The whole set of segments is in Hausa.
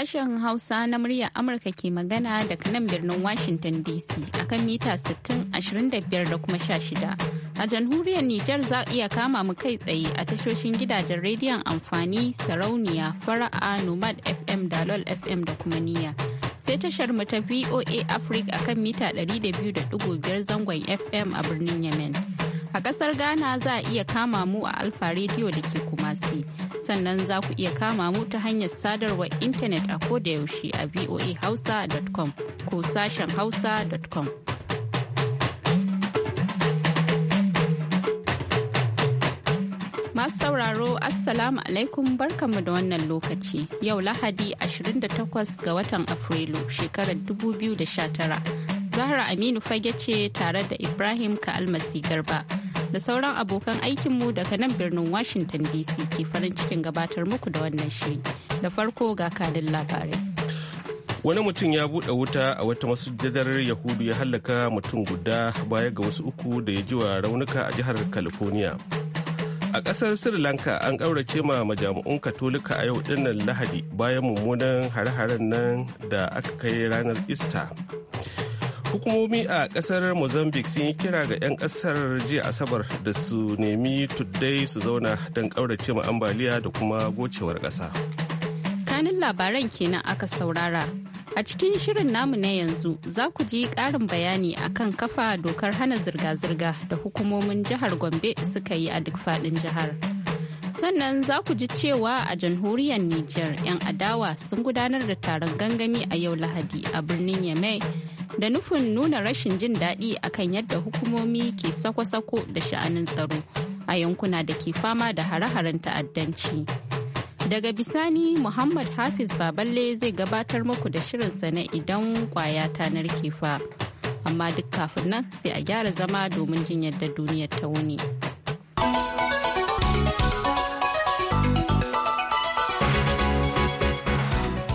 sashen Hausa na muryar Amurka ke magana daga nan birnin Washington DC akan mita 60, 25 da kuma 16. A jamhuriyar Nijar za iya kama mu kai tsaye a tashoshin gidajen rediyon amfani sarauniya fara'a Nomad FM da LOL FM da kuma niya Sai tashar mu ta VOA Africa akan mita 200.5 zangon FM a birnin Yemen. A ƙasar Ghana za a iya kama mu a Alfa Radio da ke Kumasi. Sannan za ku iya kama mu ta hanyar sadarwar intanet a kodayaushe a voahausa.com ko sashen hausa.com. Masu sauraro Assalamu alaikum barkanmu da wannan lokaci yau Lahadi 28 ga watan Afrilu shekarar 2019. Zahra Aminu fage ce tare da Ibrahim Ka'almasi Garba da sauran abokan aikinmu daga nan birnin Washington DC ke farin cikin gabatar muku da wannan shiri. Da farko ga kadin labarai. Wani mutum ya buɗe wuta a wata masujadar Yahudu ya hallaka mutum guda baya ga wasu uku da ya jiwa raunuka a jihar California. A ƙasar Sri Lanka an ƙaurace ma majami'un Katolika a yau dinnan Lahadi bayan mummunan hare-haren nan da aka kai ranar Easter. hukumomi a kasar mozambique sun yi kira ga 'yan kasar jiya asabar da su nemi tuddai su zauna don kaurace ma ambaliya da kuma gocewar kasa kanin labaran kenan aka saurara a cikin shirin namu na yanzu za ku ji karin bayani a kan kafa dokar hana zirga-zirga da hukumomin jihar gombe suka yi a duk fadin jihar sannan za ku ji cewa a jamhuriyar Nijar 'yan adawa sun gudanar da taron gangami a yau lahadi a birnin Yamai da nufin nuna rashin jin daɗi akan yadda hukumomi ke sako-sako da sha'anin tsaro a yankuna da ke fama da hare-haren ta'addanci. Daga bisani Muhammad Hafiz Baballe zai gabatar muku da shirinsa na idan kwaya ta narke fa. Amma duk kafin nan sai a gyara zama domin jin yadda duniyar ta wuni.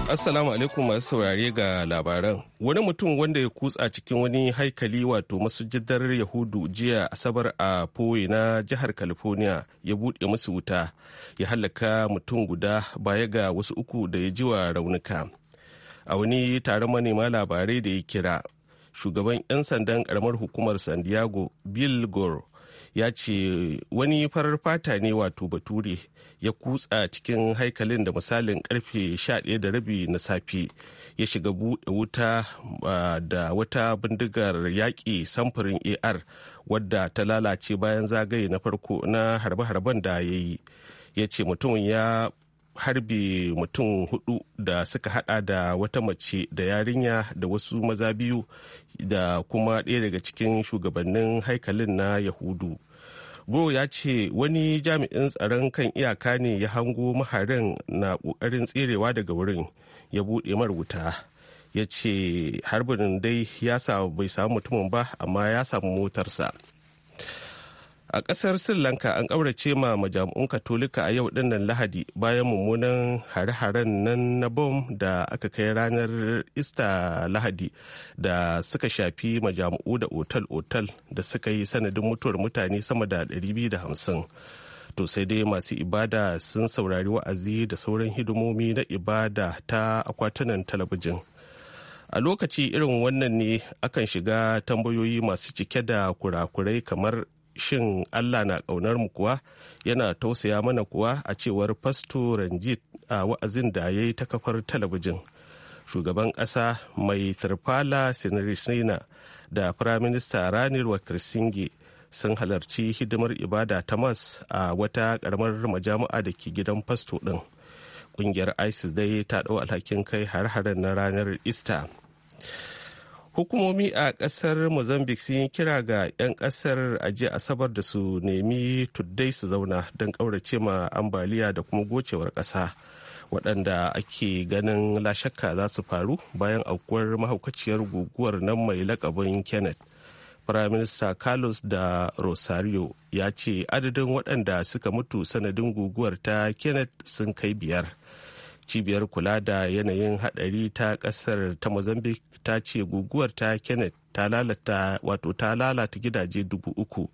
Assalamu alaikum masu saurare ga labaran. Wani mutum wanda ya kutsa cikin wani haikali wato masujidar Yahudu jiya Asabar a Poe na jihar California ya buɗe musu wuta ya halaka mutum guda baya ga wasu uku da ya jiwa raunuka. A wani taron manema labarai da ya kira, shugaban 'yan sandan karamar hukumar San Diego, Bill Gore, ya ce wani farar fata ne wato bature ya kutsa cikin haikalin da misalin karfe da rabi na safe ya shiga buɗe wuta ah, da wata bindigar yaƙi samfurin ar wadda ta lalace bayan zagaye na farko na harbe-harben da ya yi ya ce mutumin ya harbe mutum hudu da suka hada da wata mace da yarinya da wasu maza biyu da kuma ɗaya daga cikin shugabannin haikalin na yahudu go ya ce wani jami'in tsaron kan iyaka ne ya hango maharin na ƙoƙarin tserewa daga wurin ya buɗe mar wuta ya ce harbin dai ya bai samu mutumin ba amma ya samu motarsa. a ƙasar sri lanka an ƙaurace ma majami'un katolika a yau dinnan lahadi bayan mummunan hare-haren nan na bom da aka kai ranar ista lahadi da suka shafi majami'u da otal-otal da suka yi sanadin mutuwar mutane sama da 250 to sai dai masu ibada sun saurari wa'azi da sauran hidimomi na ibada ta akwatunan talabijin a lokaci irin wannan ne akan shiga tambayoyi masu cike da kurakurai kamar shin Allah na ƙaunar mu kuwa yana tausaya mana kuwa a cewar fasto Ranjit a wa'azin da ya yi ta kafar talabijin. Shugaban ƙasa mai Tirfala sinarishina da Firaminista Ranil Wakirsingi sun halarci hidimar ibada ta mas a wata ƙaramar majami'a da ke gidan fasto ɗin. Ƙungiyar ISIS dai ta ɗau alhakin kai har-haren na ranar easter. hukumomi a kasar mozambique sun yi kira ga 'yan kasar a asabar da su nemi tuddai su zauna don ƙaurace ma ambaliya da kuma gocewar kasa waɗanda ake ganin lashakka za su faru bayan aukuwar mahaukaciyar guguwar nan mai lakabin kenneth prime minister carlos da rosario ya ce adadin waɗanda suka mutu sanadin guguwar ta kenneth sun kai biyar cibiyar kula da yanayin hadari ta kasar ta mozambique ta ce guguwar ta kenneth ta lalata wato ta lalata gidaje dubu uku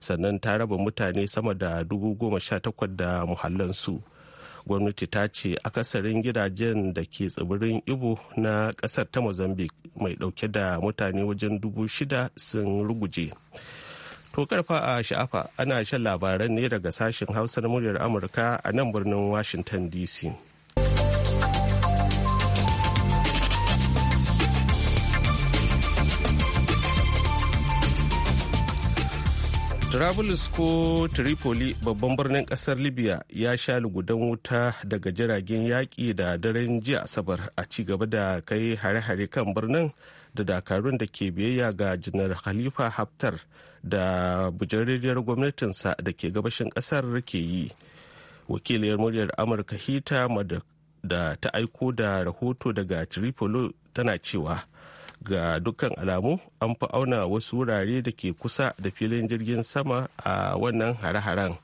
sannan ta raba mutane sama da dubu goma sha takwas da muhallansu gwamnati ta ce akasarin gidajen da ke tsibirin ibo na kasar ta mozambique mai dauke da mutane wajen dubu shida sun ruguje to karfa a sha'afa ana shan labaran ne daga sashen hausa na muryar amurka a nan birnin washington dc Travelers ko Tripoli babban birnin kasar Libya ya sha lugudan wuta daga jiragen yaƙi da daren jiya Asabar a ci gaba da kai hare-hare kan birnin da dakarun da ke biyayya ga janar Khalifa Haftar da bujarriyar gwamnatinsa da ke gabashin kasar ke yi. Wakiliyar muryar Amurka Hita da ta aiko da rahoto daga Tripoli tana cewa ga dukkan alamu an fi auna wasu wurare da ke kusa da filin jirgin sama a wannan hare-haren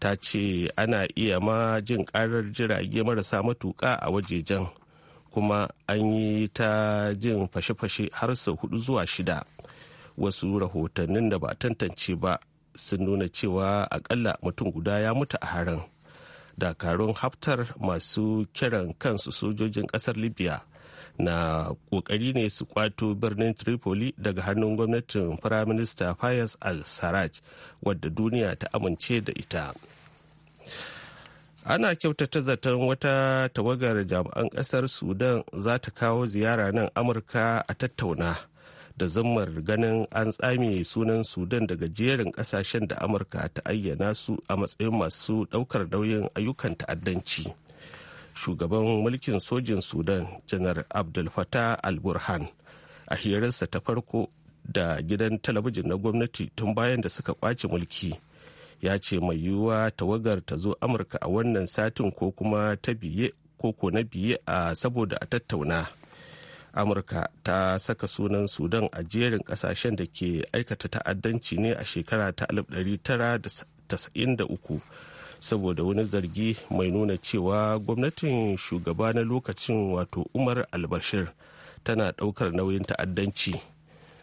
ta ce ana iya ma jin karar jirage marasa matuka a wajejen kuma an yi ta jin fashe-fashe har sau hudu zuwa shida wasu rahotannin da ba tantance ba sun nuna cewa akalla mutum guda ya mutu a harin dakarun haftar masu kiran kansu sojojin kasar libya na kokari ne su kwato birnin tripoli daga hannun gwamnatin firaminista fayez al-sarraj wadda duniya ta amince da ita ana kyautata zaton wata tawagar jami'an kasar sudan za ta kawo ziyara nan amurka a tattauna da zammar ganin an tsame sunan sudan daga jerin kasashen da amurka ta ayyana su a matsayin masu daukar nauyin ayyukan ta'addanci. shugaban mulkin sojin sudan janar abdul fatah al-burhan a hirarsa ta farko da gidan talabijin na gwamnati tun bayan da suka kwace mulki ya ce mai yiwuwa tawagar ta zo amurka a wannan satin ko kuma ta biye koko na biye a saboda a tattauna amurka ta saka sunan sudan a jerin kasashen da ke aikata ta'addanci ne a shekara ta 1993 saboda wani zargi mai nuna cewa gwamnatin shugaba na lokacin wato umar albashir tana daukar nauyin ta'addanci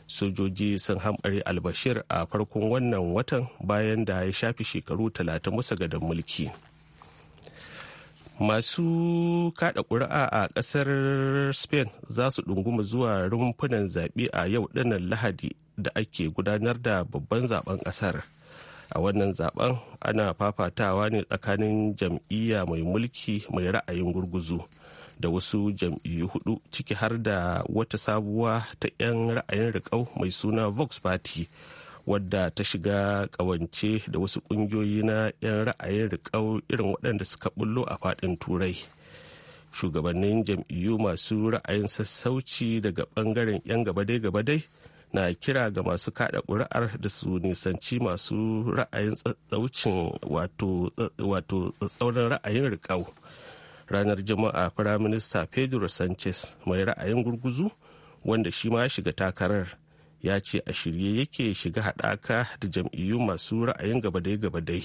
sojoji sun hamɓare albashir a farkon wannan watan bayan da ya shafi shekaru talatin musa gadon mulki masu kada ƙuri'a a ƙasar spain za su ɗunguma zuwa rumfunan zaɓe a yau ɗanan lahadi da ake gudanar da babban zaben ƙasar a wannan zaben ana fafatawa ne tsakanin jam'iyya mai mulki mai ra'ayin gurguzu da wasu jam'iyyu hudu ciki har da wata sabuwa ta 'yan ra'ayin riƙau mai suna vox party wadda ta shiga kawance da wasu ƙungiyoyi na 'yan ra'ayin riƙau irin waɗanda suka bullo a faɗin turai shugabannin jam'iyyu masu ra'ayin sassauci daga ɓangaren 'yan gabadai-gabadai na kira ga masu kada ƙuri'ar da su nisanci masu ra'ayin tsatsaucin wato tsatsauran ra'ayin riƙau ranar juma'a firaminista pedro sanchez mai ra'ayin gurguzu wanda shi ma ya shiga takarar ya ce a shirye yake shiga haɗaka da jam'iyyu masu ra'ayin gabadai-gabadai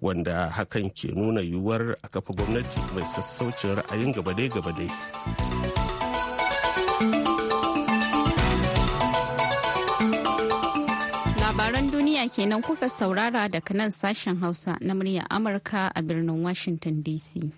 wanda hakan ke nuna yiwuwar a kafa gwamnati mai sassaucin ra'ayin gabadai-gabadai kenan kuka saurara daga nan sashen Hausa na murya Amurka a birnin Washington DC.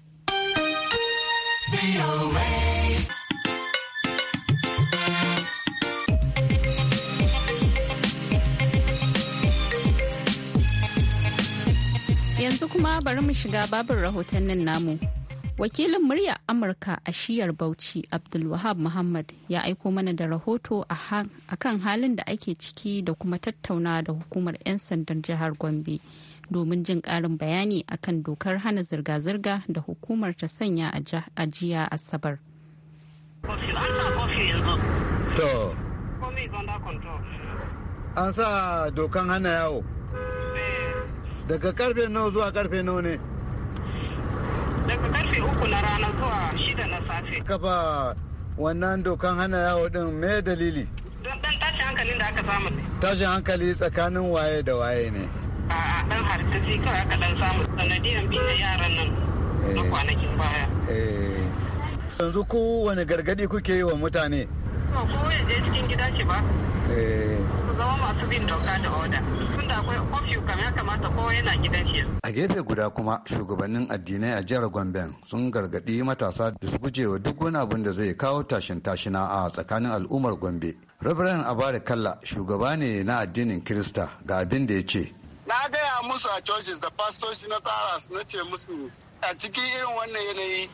Yanzu kuma bari mu shiga babin rahotannin namu. Wakilin murya amurka a shiyar bauchi abdulwahab muhammad ya aiko mana da rahoto a kan halin da ake ciki da kuma tattauna da hukumar 'yan sandan jihar gombe domin jin karin bayani akan dokar hana zirga-zirga da hukumar ta sanya a jiya asabar to an sa dokan hana yawo daga karfe nawa zuwa karfe nawa ne daga karfe uku na rana zuwa shida na safe kafa wannan dokan hana yawo din me dalili don dan tashin hankalin da aka samu tashin hankali tsakanin waye da waye ne a dan hartisi kawai aka dan samu sanadiyan biyan yaran nan na eh. kwanakin baya eh. yanzu ku wani gargadi kuke yi wa mutane ko ya je cikin gida ce ba eh. zama masu bin doka da oda tunda akwai ofishin kam ya kamata kowa yana gidan shi a gefe guda kuma shugabannin addinai a jihar gombe sun gargaɗi matasa da su gujewa duk wani abin da zai kawo tashin tashina a tsakanin al'ummar gombe reverend abare kalla shugaba ne na addinin kirista ga abin da ya ce na gaya musu a churches da pastors na taras na ce musu a cikin irin wannan yanayi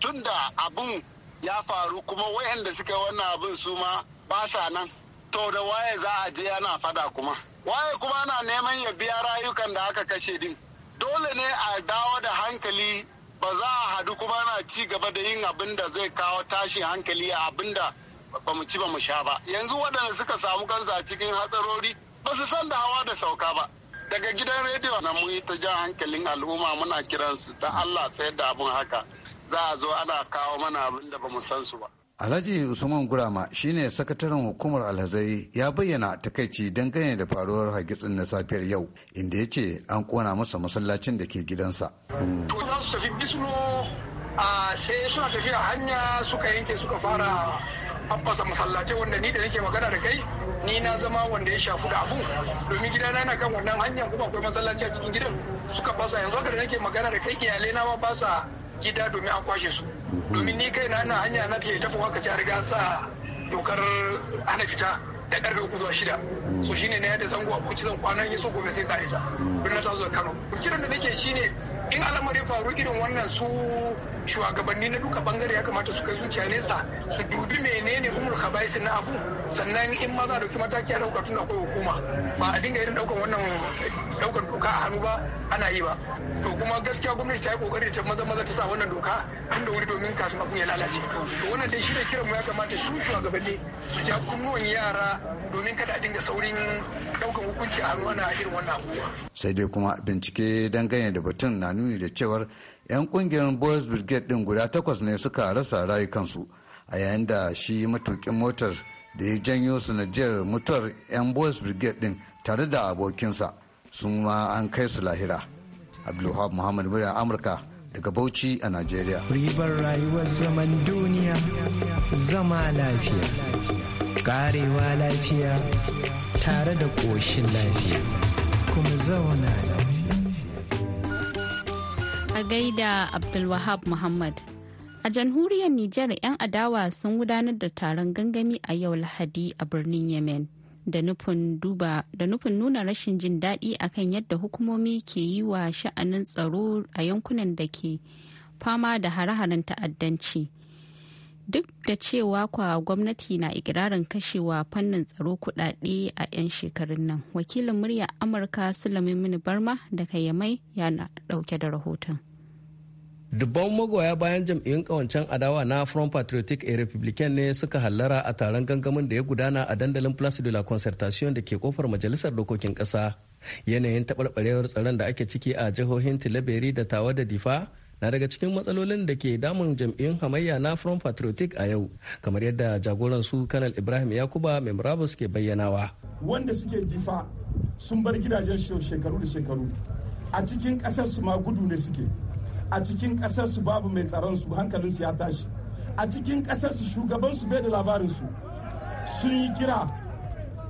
tunda abun ya faru kuma wayanda suka wannan abin su ma ba sa nan to da waye za a je ana fada kuma waye kuma ana neman ya biya rayukan da aka kashe din dole ne a dawo da hankali ba za a hadu kuma na ci gaba da yin abin da zai kawo tashin hankali a abin da ba mu ci ba mu sha ba yanzu waɗanda suka samu kansa a cikin hatsarori ba su san da hawa da sauka ba daga gidan rediyo na mu ta jan hankalin al'umma muna kiransu ta allah sai da abin haka za a zo ana kawo mana abin da ba mu san su ba Alhaji Usman Gurama shine sakataren hukumar alhazai ya bayyana takaici dangane da faruwar hagitsin na safiyar yau inda ya ce an kona masa masallacin da ke gidansa. To za su tafi Bisno sai suna tafiya hanya suka yanke suka fara haɓasa masallacin wanda ni da nake magana da kai ni na zama wanda ya shafi da abu domin gidana yana kan wannan hanyar kuma akwai masallaci a cikin gidan suka fasa yanzu haka da nake magana da kai iyalai na ba sa gida domin an kwashe su domin ni kai na ana hanya na ta telefon haka ta riga sa dokar ana fita da karfe uku zuwa shida so shine na yadda zango abuci zan kwana yi so gobe sai ka isa birnin ta zuwa kano kiran da nake shine in alamarin faru irin wannan su shugabanni na duka bangare ya kamata su kai zuciya nesa su dubi menene umul khabais na abu sannan in ma za a dauki mataki a dauka tun akwai hukuma ba a dinga irin daukan wannan daukar doka a hannu ba ana yi ba to kuma gaskiya gwamnati ta yi kokari ta maza maza ta sa wannan doka tun da wuri domin kasuwa abun ya lalace to wannan dai shi da kiran mu ya kamata su shugabanni su ja kunnuwan yara domin kada a dinga saurin daukar hukunci a hannu ana irin wannan abubuwa sai dai kuma bincike dangane da batun na nuni da cewar 'yan kungiyar boys brigade din guda takwas ne suka rasa rayukansu a yayin da shi matukin motar da ya janyo sanadiyar mutuwar 'yan boys brigade din tare da abokinsa sun ma an kai su lahira abdulwahab muhammad murya amurka daga bauchi a nigeria ribar rayuwar zaman duniya zama lafiya karewa lafiya tare da ƙoshin lafiya kuma zauna lafiya a gaida abdulwahab muhammad A jamhuriyar Nijar 'yan adawa sun gudanar da taron gangami a yau Lahadi a birnin Yemen da nufin nuna rashin jin daɗi akan yadda hukumomi ke yi wa sha'anin tsaro a yankunan da ke fama da hare-haren ta'addanci duk da cewa kwa gwamnati na ikirarin kashewa fannin tsaro kudade a 'yan shekarun nan wakilin murya amurka sulamin mini barma daga yamai yana dauke da rahoton dubban magoya bayan jam'iyyun kawancen adawa na front patriotic a republican ne suka hallara a taron gangamin da ya gudana a dandalin place de la concertation da ke kofar majalisar dokokin kasa yanayin taɓarɓarewar tsaron da ake ciki a jihohin tilaberi da tawa da difa na daga cikin matsalolin da ke damun jam'iyyun hamayya na front patriotic a yau kamar yadda jagoran su kanal ibrahim yakuba mai murabus ke bayyanawa wanda suke difa sun bar gidajen shekaru da shekaru a cikin ƙasar su ma gudu ne suke a cikin su babu mai tsaron su hankalin su ya tashi a cikin shugaban su bai da labarinsu sun yi kira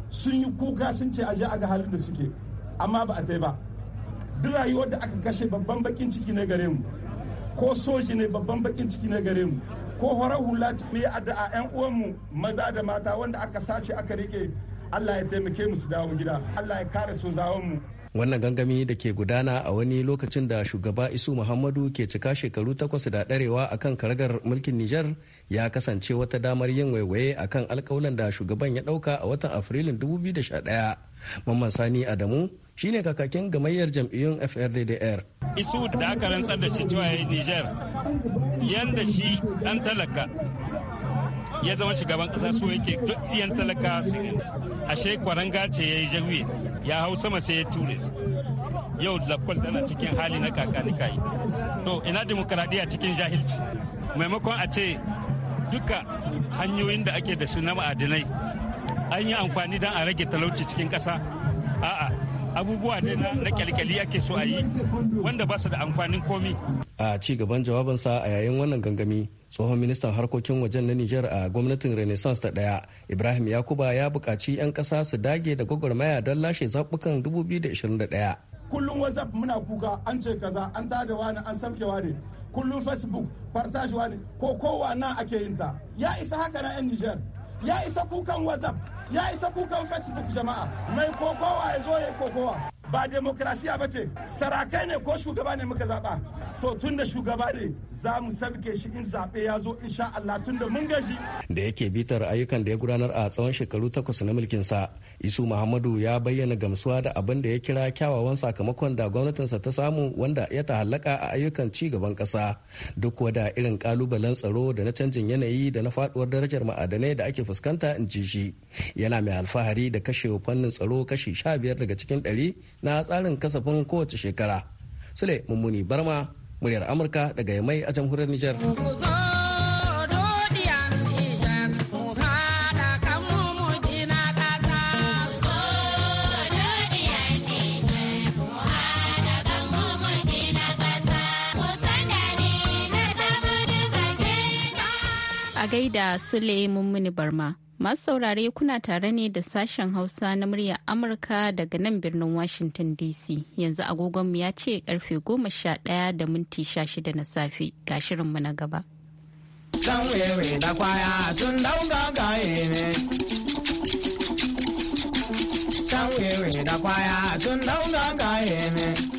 sun yi kuka sun ce aje a ga halin da suke amma ba a tai ba duk rayuwar da aka kashe babban bakin ciki ne gare mu ko soji ne babban bakin ciki ne gare mu ko horar hula ne yi addu'a yan uwanmu maza da mata wanda aka sace aka rike Allah ya taimake mu su dawo gida Allah ya kare sozawan mu wannan gangami da ke gudana a wani lokacin da shugaba isu muhammadu ke cika shekaru takwas da darewa a kan karagar mulkin nijar ya kasance wata damar yin waiwaye a kan alkawalan da shugaban ya dauka a watan afrilun 2011 mamman sani adamu shine kakakin gamayyar jam'iyyun FRDDR. Isu da aka rantsar da shi cewa Niger yanda shi dan talaka ya zama shugaban kasa so yake duk yan talaka a ashe kwaranga ce ya yi jawiye ya hau sama sai ya ture yau lakwal tana cikin hali na kakanika yi to ina demokaradiyya cikin jahilci maimakon a ce duka hanyoyin da ake da su na ma'adinai an yi amfani don a rage talauci cikin ƙasa a'a abubuwa ne na kyalkyali ake so a yi wanda ba su da amfanin komi a ci gaban jawabansa a yayin wannan gangami tsohon ministan harkokin wajen na Nijar a gwamnatin Renaissance ta ɗaya Ibrahim Yakuba ya buƙaci 'yan ƙasa su dage da gwagwarmaya don lashe zaɓukan 2021. Kullum WhatsApp muna kuka an ce kaza an tada wani an samke wani kullum Facebook partage wani ko kowa na ake yin ta ya isa haka na 'yan Nijar ya isa kukan WhatsApp ya isa kukan Facebook jama'a mai kokowa ya zo ya kokowa. ba demokrasiya ba ce sarakai ne ko shugaba ne muka zaba to tun da shugaba ne za mu sabke shi in zaɓe ya zo insha Allah tun da mun gaji. Da yake bitar ayyukan da ya gudanar a tsawon shekaru takwas na mulkinsa, Isu Muhammadu ya bayyana gamsuwa da abin da ya kira kyawawan sakamakon da gwamnatinsa ta samu wanda ya ta hallaka a ayyukan ci gaban ƙasa. Duk wada irin kalubalen tsaro da na canjin yanayi da na faɗuwar darajar ma'adanai da ake fuskanta in ji shi. Yana mai alfahari da kashe fannin tsaro kashi sha biyar daga cikin ɗari na tsarin kasafin kowace shekara. Sule Mummuni Barma, muryar Amurka daga Yamai a jamhuriyar Nijar. A gaida Sule Mummuni Barma. Masu saurare kuna tare ne da sashen Hausa na muryar Amurka daga nan birnin Washington DC. Yanzu agogonmu ya ce karfe goma sha ɗaya da minti sha shida na safe ga shirinmu na gaba.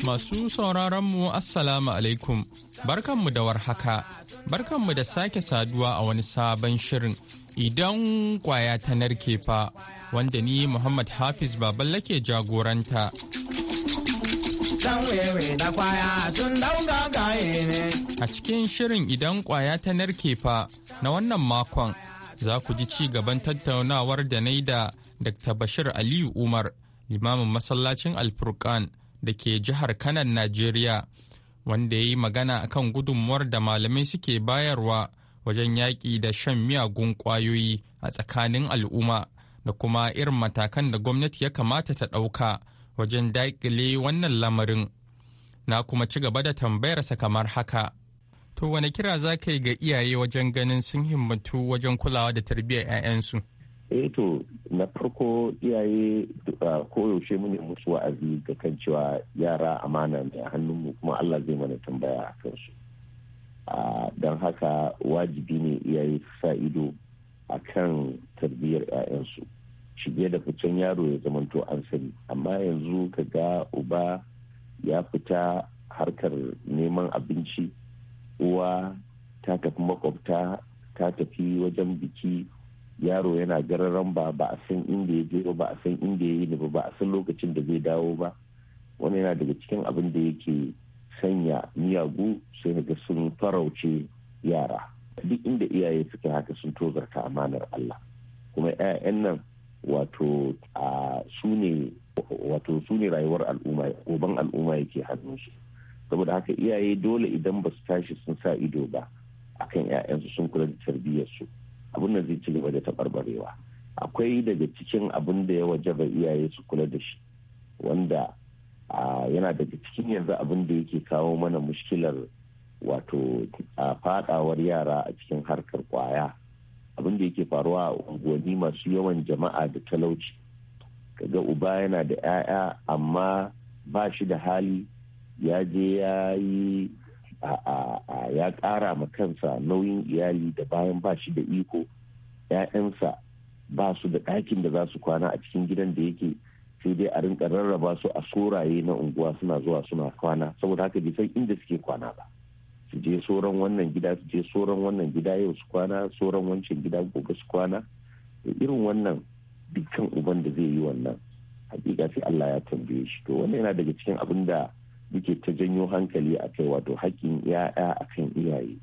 Masu sauraronmu Assalamu alaikum, barkanmu da warhaka, barkanmu da sake saduwa a wani sabon shirin Idan kwaya ta narke fa wanda ni Muhammad Hafiz baban lake jagoranta. A cikin shirin idan kwaya ta narke fa na wannan makon za ku ji ci gaban tattaunawar da na yi da Dr. Bashir Aliyu Umar, limamin masallacin Alfurkan da ke jihar Kanan, Najeriya, wanda ya yi magana akan gudunmuwar da malamai suke bayarwa wajen yaƙi da shan miyagun ƙwayoyi a tsakanin al'umma da kuma irin matakan da gwamnati ya kamata ta ɗauka wajen daƙile wannan lamarin. Na kuma ci gaba da tambayarsa kamar haka. To wani kira za ka yi ga iyaye wajen ganin sun himmatu wajen kulawa da tarbiyyar 'ya'yansu? eh to na farko iyaye koyaushe mu ne musu wa'azi ga kan cewa yara amana ne a hannunmu kuma Allah zai mana tambaya a kansu don haka wajibi ne iyaye su sa ido a kan tarbiyyar 'ya'yansu shige da ficen yaro ya zamanto an sani amma yanzu ka ga uba ya fita harkar neman abinci uwa ta tafi makwabta ta tafi wajen biki yaro yana gararan ba ba a san inda ya je ba ba a san inda ya yi ba ba a san lokacin da zai dawo ba wani yana daga cikin abin da yake sanya miyagu sai ga sun farauce yara duk inda iyaye suke haka sun tozarta amanar Allah kuma 'ya'yan nan wato su ne wato su ne rayuwar al'umma goban al'umma yake hannun su saboda haka iyaye dole idan ba su tashi sun sa ido ba akan 'ya'yansu sun kula da tarbiyyarsu abin da zai ci gaba da taɓarɓarewa akwai daga cikin abin da ya wajaba iyaye su kula da shi wanda yana daga cikin yanzu abin da yake kawo mana mushkilar wato a fadawar yara a cikin harkar kwaya abin da yake faruwa a unguwanni masu yawan jama'a da talauci kaga uba yana da 'ya'ya amma ba shi da hali ya je ya yi ya ƙara ma kansa nauyin iyali da bayan ba shi da iko 'ya'yansa ba su da ɗakin da za su kwana a cikin gidan da yake sai dai a rinka rarraba su a soraye na unguwa suna zuwa suna kwana saboda haka bai san inda suke kwana ba su je sauran wannan gida su je sauran wannan gida yau su kwana sauran wancan gida gobe su kwana irin wannan dukkan uban da zai yi wannan hakika sai Allah ya tambaye shi to wannan yana daga cikin abin da muke ta janyo hankali a kai wato hakkin ya'ya kan iyaye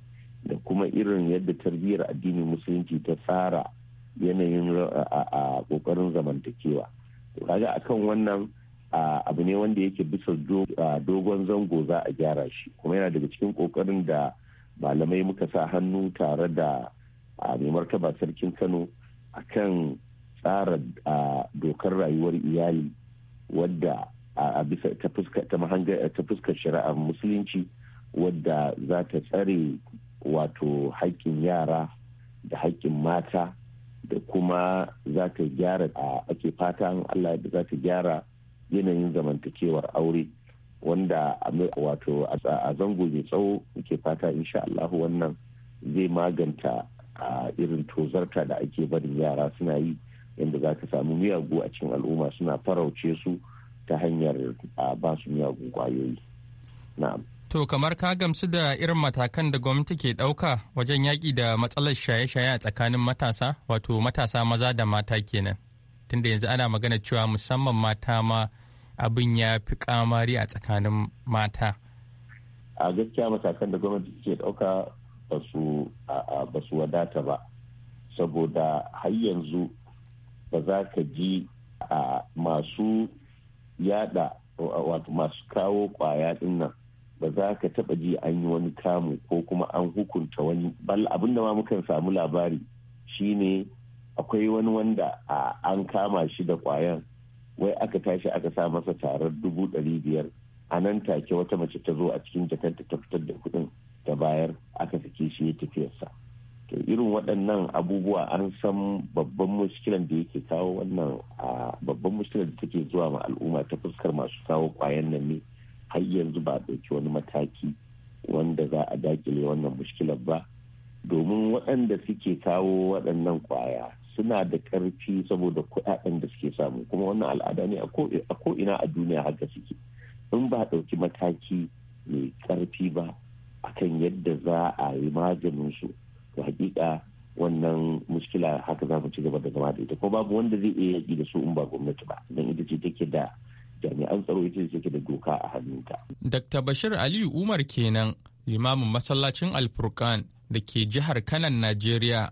da kuma irin yadda tarbiyyar addinin musulunci ta tsara yanayin a kokarin zamantakewa to kaga akan wannan abu ne wanda yake bisa dogon zango za a gyara shi kuma yana daga cikin kokarin da malamai muka sa hannu tare da mai martaba sarkin kano kan tsara dokar rayuwar iyali wadda ta fuskar shari'ar musulunci wadda za ta tsare wato haƙƙin yara da haƙƙin mata da kuma za ta gyara a ake fatan allah da za ta gyara yanayin zamantakewar aure wanda wato a zango mai tsawo ke fata insha allahu wannan zai maganta a irin tozarta da ake barin yara suna yi yadda za ka samu miyagu a cikin al'umma suna farauce su ta hanyar ba su miyagun kwayoyi na'am To kamar ka gamsu da irin matakan da gwamnati ke ɗauka wajen yaƙi da matsalar shaye-shaye a tsakanin matasa, wato matasa maza da mata kenan. Tunda yanzu ana magana cewa musamman mata ma abin ya fi kamari a tsakanin mata. A gaskiya matakan da gwamnati ke ɗauka ba su wadata ba, saboda har yanzu ba za ka ji masu yada wato masu kawo kwaya dinnan. ba za ka taba ji an yi wani kamu ko kuma an hukunta wani bal abin da ma mukan samu labari shine akwai wani wanda an kama shi da kwayan wai aka tashi aka sa masa tarar dubu ɗari biyar a nan take wata mace ta zo a cikin jakanta ta fitar da kuɗin ta bayar aka sake shi ya tafiyarsa to irin waɗannan abubuwa an san babban muskilan da yake kawo wannan babban muskilan da take zuwa ma al'umma ta fuskar masu kawo kwayan nan ne har yanzu ba ɗauki wani mataki wanda za a dakile wannan mushkilar ba domin waɗanda suke kawo waɗannan kwaya suna da ƙarfi saboda kuɗaɗen da suke samu kuma wannan al'ada ne a ko'ina a duniya haka suke in ba ɗauki mataki mai ƙarfi ba akan yadda za a yi maganin su to hakika wannan mushkila haka za mu ci gaba da zama da ita ko babu wanda zai iya yaki da su in ba gwamnati ba don ita ce take da jami'an tsaro ita ce da doka a hannunta. Dr. Bashir Aliyu Umar kenan limamin masallacin Alfurkan da ke jihar Kanan Najeriya.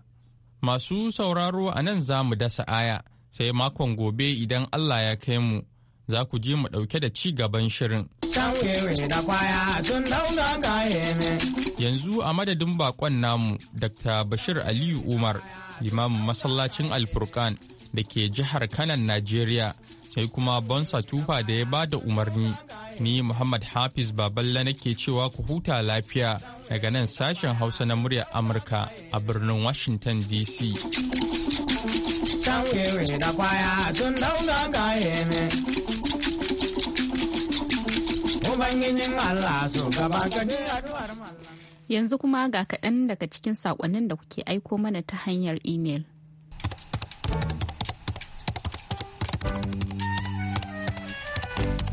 Masu sauraro a nan za mu dasa aya sai makon gobe idan Allah ya kai mu za ku je mu ɗauke da ci gaban shirin. Yanzu a madadin bakon namu Dr. Bashir Aliyu Umar limamin masallacin Alfurkan da ke jihar Kanan Najeriya. sai kuma bonsa tufa da ya ba da umarni ni muhammad hafiz baballa nake cewa ku huta lafiya daga nan sashen hausa na muryar amurka a birnin washington dc Yanzu kuma ga kaɗan daga cikin saƙonnin da kuke aiko mana ta hanyar imel.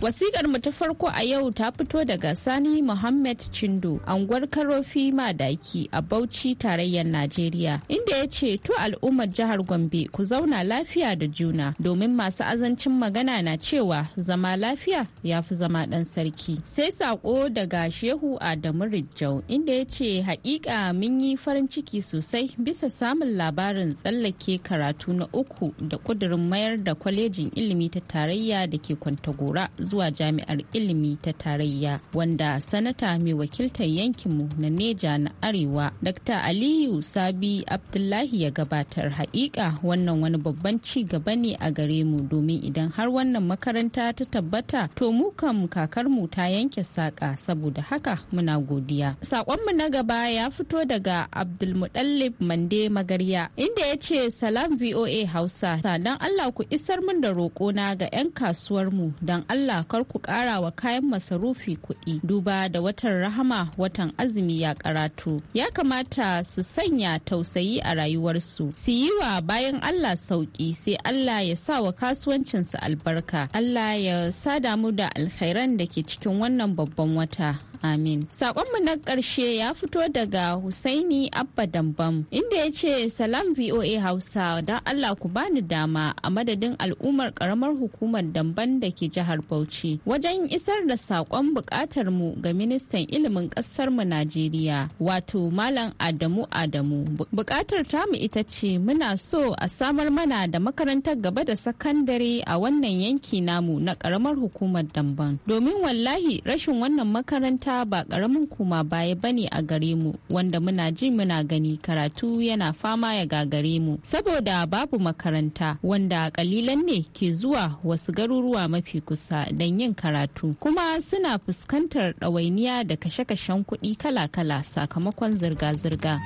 Wasikar mu ta farko a yau ta fito daga Sani Muhammad Chindo, anguwar Karofi Madaki a Bauchi tarayyar Najeriya, inda ya ce to al'ummar jihar Gombe ku zauna lafiya da juna domin masu azancin magana na cewa zama lafiya ya fi zama ɗan sarki. Sai sako daga Shehu Adamu Rijau inda ya ce haƙiƙa mun yi farin ciki sosai bisa samun labarin tsallake karatu na uku da ƙudurin mayar da kwalejin ilimi ta tarayya da ke Kwantagora zuwa jami'ar ilimi ta tarayya wanda sanata mai wakiltar yankinmu na neja na arewa dr aliyu sabi abdullahi ya gabatar haƙiƙa wannan wani babban ci gaba ne a gare mu domin idan har wannan makaranta ta tabbata to mu kan kakarmu ta yanke saƙa saboda haka muna godiya saƙonmu na gaba ya fito daga abdulmuɗallib mande magarya inda ya ce salam voa hausa don allah ku isar min da roƙona ga 'yan kasuwarmu don allah kar ku ƙara wa kayan masarufi kuɗi duba da watan rahama watan azumi ya karatu ya kamata su sanya tausayi a rayuwarsu su yi wa bayan allah sauki sai allah ya sa wa kasuwancinsu albarka allah ya sada mu da alkhairan da ke cikin wannan babban wata amin sakonmu na ƙarshe ya fito daga husaini abba dambam inda ya ce salam voa hausa don allah ku bani dama a madadin al'ummar karamar hukumar damban da ke jihar bauchi wajen isar da sakon bukatar mu ga ministan ilimin ƙasar mu najeriya wato malam adamu adamu bukatar tamu ita ce muna so a samar mana da makarantar gaba da sakandare a wannan yanki namu na karamar hukumar damban domin wallahi rashin wannan makaranta haka ba ƙaramin kuma baya bane a gare mu wanda muna ji muna gani karatu yana fama ya gagare mu saboda babu makaranta wanda kalilan ne ke zuwa wasu garuruwa mafi kusa don yin karatu kuma suna fuskantar ɗawainiya da kashe-kashen kuɗi kala-kala sakamakon zirga-zirga.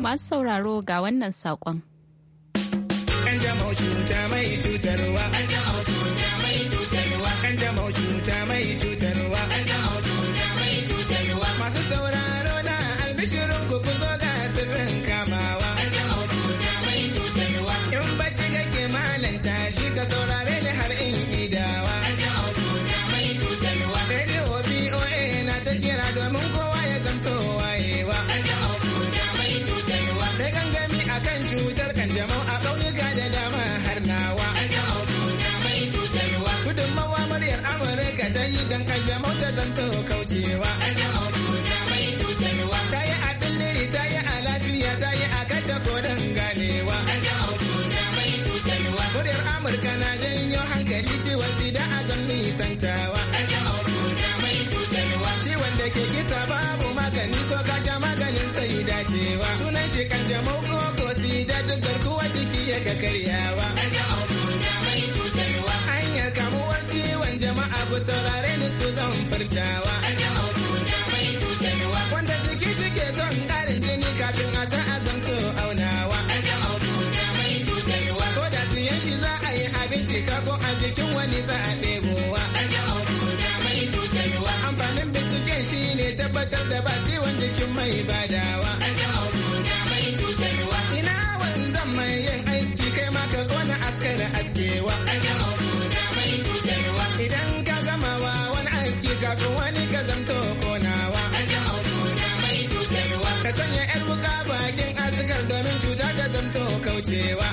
Masu sauraro ga wannan saƙon. Kanjamau cuta mai cutarwa. Kanjamau cuta mai cutarwa. Kanjamau cuta mai cutarwa. Kanjamau cuta mai cutarwa. Masu sauraro na albishirin ku ku zo ga sirrin sa babu magani ko kasha maganin sai dacewa sunan shi kan jamau ko ko da duk garkuwa jiki ya ka karyawa hanyar kamuwar ciwon jama'a ku saurare ni su zan furtawa wanda jiki shi ke son karin jini kafin a san azan lleva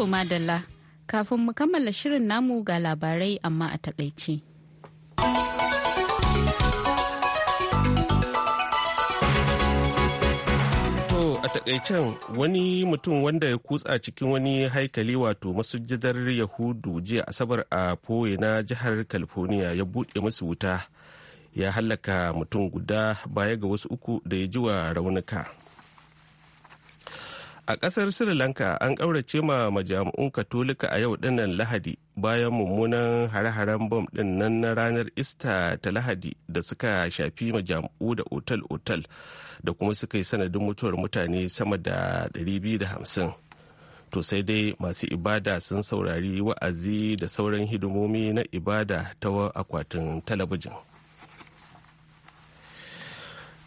To madalla, kafin mu kammala shirin namu ga labarai amma a takaice. a takaicen wani mutum wanda ya kutsa cikin wani haikali wato masujadar yahudu jiya asabar a poe na jihar california ya buɗe masu wuta ya hallaka mutum guda baya ga wasu uku da ya ji wa raunuka. A ƙasar Sri Lanka an ƙaurace ma majami'un Katolika a yau dinnan Lahadi bayan mummunan hare-haren bom dinnan na ranar Ista ta Lahadi da suka shafi majami'u da otal-otal da kuma suka yi sanadin mutuwar mutane sama da 250. To sai dai masu ibada sun saurari wa'azi da sauran hidimomi na ibada ta akwatin talabijin.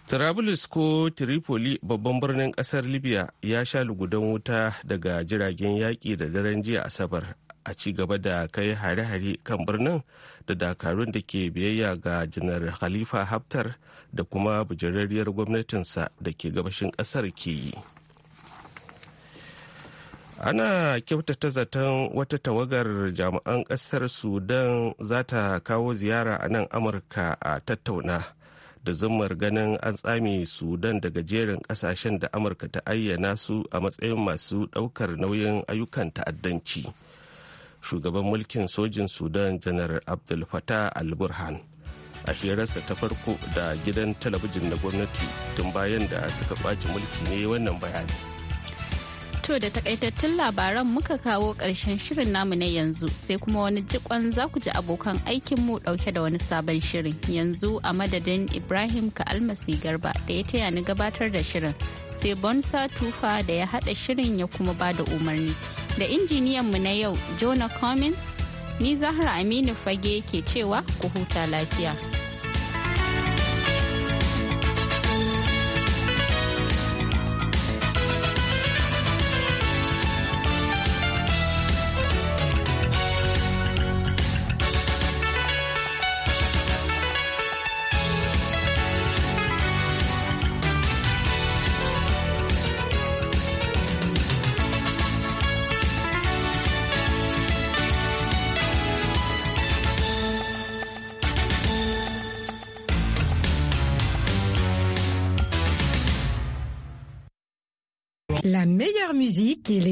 Trablus ko Tripoli babban birnin kasar Libya ya sha lugudan wuta daga jiragen yaƙi da daren jiya Asabar a ci gaba da kai hare-hare kan birnin da dakarun da ke biyayya ga janar Khalifa Haftar da kuma bujirarriyar gwamnatinsa da ke gabashin kasar ke yi. Ana kyautata zaton wata tawagar jami'an ƙasar Sudan za ta kawo ziyara a nan Amurka a tattauna. da zummar ganin an tsame sudan daga jerin kasashen da amurka ta ayyana su a matsayin masu daukar nauyin ayyukan ta'addanci shugaban mulkin sojin sudan janar abdul fatah al a hirarsa ta farko da gidan talabijin na gwamnati tun bayan da suka ɓaci mulki ne wannan bayani To da takaitattun labaran muka kawo ƙarshen shirin namu na yanzu sai kuma wani jikon za ku ji abokan aikinmu ɗauke da wani sabon shirin yanzu a madadin Ibrahim Ka'almasi Garba da ya taya ni gabatar da shirin sai Bonsa Tufa da ya haɗa shirin ya kuma ba da umarni. Da injiniyan mu na yau Jonah Cummins, ni Zahra Aminu Fage ke cewa ku huta lafiya. musique. et les